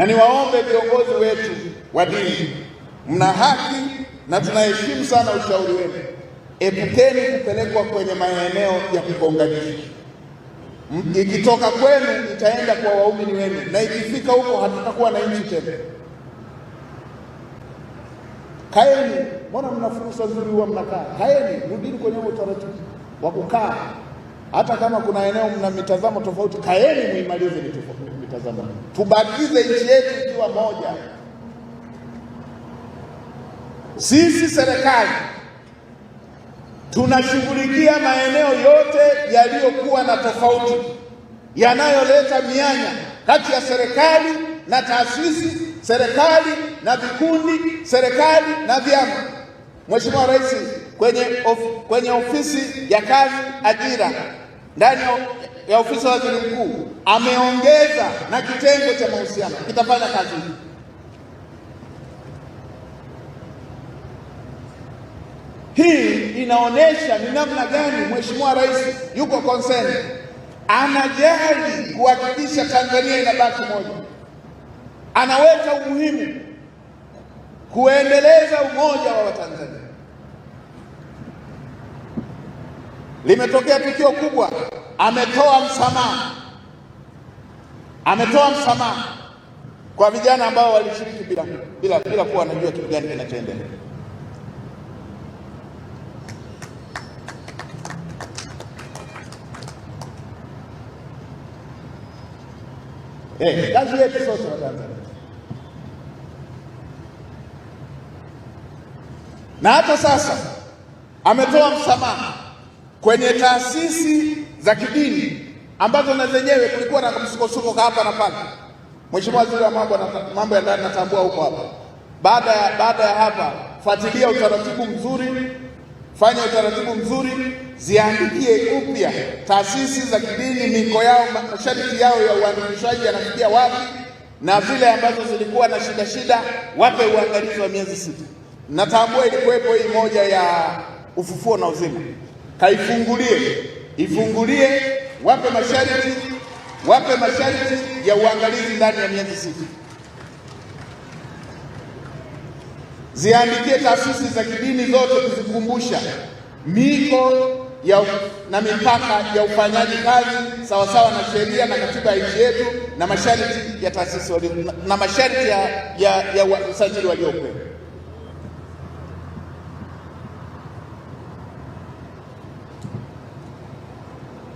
Na niwaombe viongozi wetu wa dini, mna haki na tunaheshimu sana ushauri wenu. Epukeni kupelekwa kwenye maeneo ya kugonganisha. Ikitoka kwenu itaenda kwa waumini wenu, na ikifika huko hatutakuwa na nchi tena. Kaeni, mbona mna fursa nzuri, huwa mnakaa. Kaeni, rudini kwenye utaratibu wa kukaa, hata kama kuna eneo mna mitazamo tofauti, kaeni muimalize ni tofauti mtazamo tubakize nchi yetu ikiwa moja. Sisi serikali tunashughulikia maeneo yote yaliyokuwa na tofauti, yanayoleta mianya kati ya serikali na taasisi, serikali na vikundi, serikali na vyama. Mheshimiwa Rais kwenye, of, kwenye ofisi ya kazi ajira ndani ya ofisi ya waziri mkuu ameongeza na kitengo cha mahusiano kitafanya kazi hii. Hii inaonyesha ni namna gani mheshimiwa rais yuko concerned, anajali kuhakikisha Tanzania inabaki moja, anaweka umuhimu kuendeleza umoja wa Watanzania. Limetokea tukio kubwa ametoa msamaha, ametoa msamaha kwa vijana ambao walishiriki bila, bila, bila kuwa wanajua kitu gani kinachoendelea. Hey, eh, kazi yetu sote Watanzania na hata sasa ametoa msamaha kwenye taasisi za kidini ambazo na zenyewe kulikuwa na msukosuko hapa na pale. Mheshimiwa Waziri wa mambo ya ndani, natambua huko hapa. Baada ya baada ya hapa, fuatilia utaratibu mzuri, fanya utaratibu mzuri, ziandikie upya taasisi za kidini miko yao, masharti yao ya uandikishaji yanafikia wapi, na zile ambazo zilikuwa na shida shida wape uangalizi wa miezi sita. Natambua ilikuwepo hii moja ya Ufufuo na Uzima, kaifungulie ifungulie, wape masharti, wape masharti ya uangalizi ndani ya miezi sita, ziandikie taasisi za kidini zote kuzikumbusha miko ya na mipaka ya ufanyaji kazi sawasawa na sheria na katiba ya nchi yetu na masharti ya taasisi na masharti ya, ya, ya usajili waliopewa.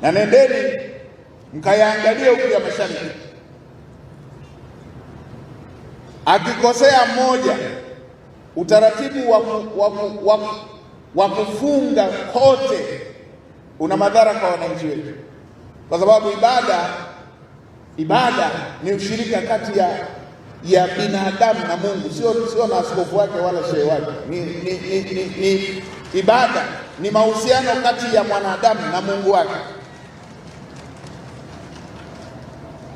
na nendeni mkayaangalie huku ya mashariki. Akikosea mmoja, utaratibu wa, wa, wa, wa kufunga kote una madhara kwa wananchi wetu, kwa sababu ibada ibada ni ushirika kati ya ya binadamu na Mungu, sio sio na askofu wake wala shehe wake. Ni, ni, ni, ni, ni ibada ni mahusiano kati ya mwanadamu na Mungu wake.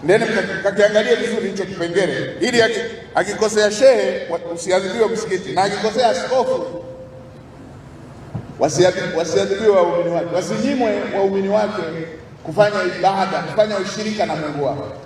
Ndeni mkakiangalie vizuri hicho kipengele, ili akikosea shehe usiadhibiwe msikiti, na akikosea askofu wasiadhibiwe waumini wake, wasinyimwe waumini wake kufanya ibada, kufanya ushirika na Mungu wao.